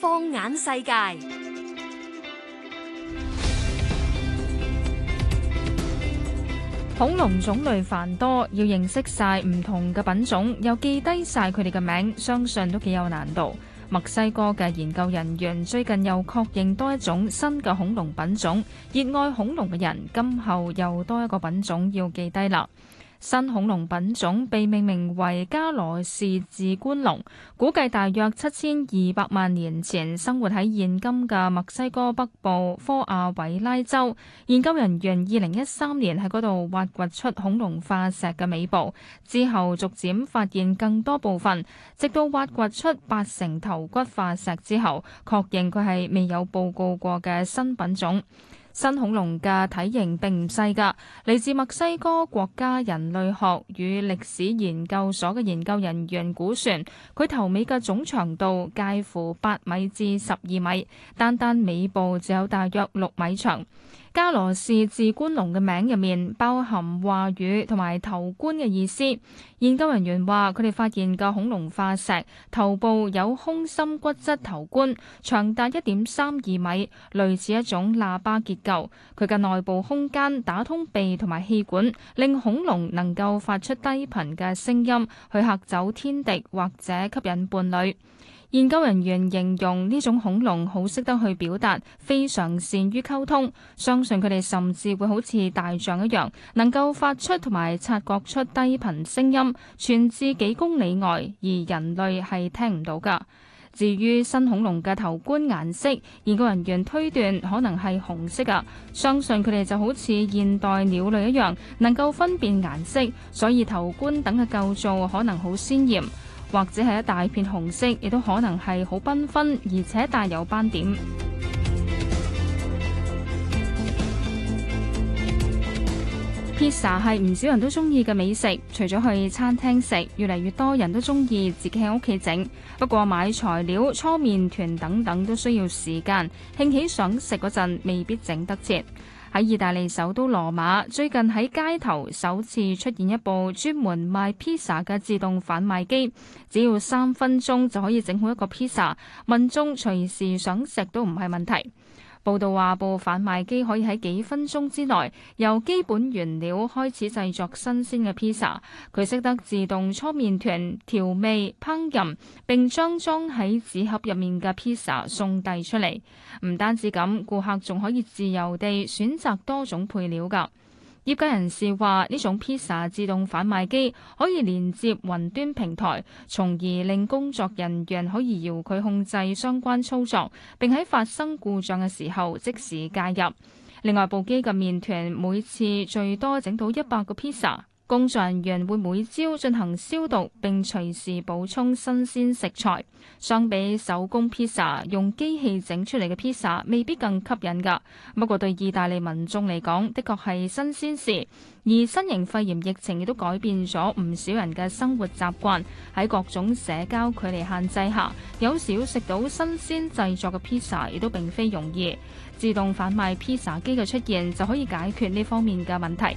放眼世界，恐龍種類繁多，要認識晒唔同嘅品種，又記低晒佢哋嘅名，相信都幾有難度。墨西哥嘅研究人員最近又確認多一種新嘅恐龍品種，熱愛恐龍嘅人今後又多一個品種要記低啦。新恐龍品種被命名為加羅士智冠龍，估計大約七千二百萬年前生活喺現今嘅墨西哥北部科阿維拉州。研究人員二零一三年喺嗰度挖掘出恐龍化石嘅尾部，之後逐漸發現更多部分，直到挖掘出八成頭骨化石之後，確認佢係未有報告過嘅新品種。新恐龍嘅體型並唔細㗎，嚟自墨西哥國家人類學與歷史研究所嘅研究人員估算，佢頭尾嘅總長度介乎八米至十二米，單單尾部就有大約六米長。加羅氏字冠龍嘅名入面包含話語同埋頭冠嘅意思。研究人員話佢哋發現嘅恐龍化石頭部有空心骨質頭冠，長達一點三二米，類似一種喇叭結構。佢嘅內部空間打通鼻同埋氣管，令恐龍能夠發出低頻嘅聲音去嚇走天敵或者吸引伴侶。研究人員形容呢種恐龍好識得去表達，非常善於溝通，相信佢哋甚至會好似大象一樣，能夠發出同埋察覺出低頻聲音，傳至幾公里外，而人類係聽唔到㗎。至於新恐龍嘅頭冠顏色，研究人員推斷可能係紅色㗎，相信佢哋就好似現代鳥類一樣，能夠分辨顏色，所以頭冠等嘅構造可能好鮮豔。或者係一大片紅色，亦都可能係好繽紛，而且帶有斑點。Pizza 係唔少人都中意嘅美食，除咗去餐廳食，越嚟越多人都中意自己喺屋企整。不過買材料、搓麵團等等都需要時間，興起想食嗰陣未必整得切。喺意大利首都羅馬，最近喺街頭首次出現一部專門賣披薩嘅自動販賣機，只要三分鐘就可以整好一個披薩，民眾隨時想食都唔係問題。報道話，部販賣機可以喺幾分鐘之內，由基本原料開始製作新鮮嘅披薩。佢識得自動搓麵團、調味、烹飪，並將裝喺紙盒入面嘅披薩送遞出嚟。唔單止咁，顧客仲可以自由地選擇多種配料㗎。業界人士話，呢種披薩自動販賣機可以連接雲端平台，從而令工作人員可以遙距控制相關操作，並喺發生故障嘅時候即時介入。另外，部機嘅麵團每次最多整到一百個披薩。工作人員會每朝進行消毒，並隨時補充新鮮食材。相比手工披薩，用機器整出嚟嘅披薩未必更吸引㗎。不過對意大利民眾嚟講，的確係新鮮事。而新型肺炎疫情亦都改變咗唔少人嘅生活習慣。喺各種社交距離限制下，有時要食到新鮮製作嘅披薩亦都並非容易。自動販賣披薩機嘅出現就可以解決呢方面嘅問題。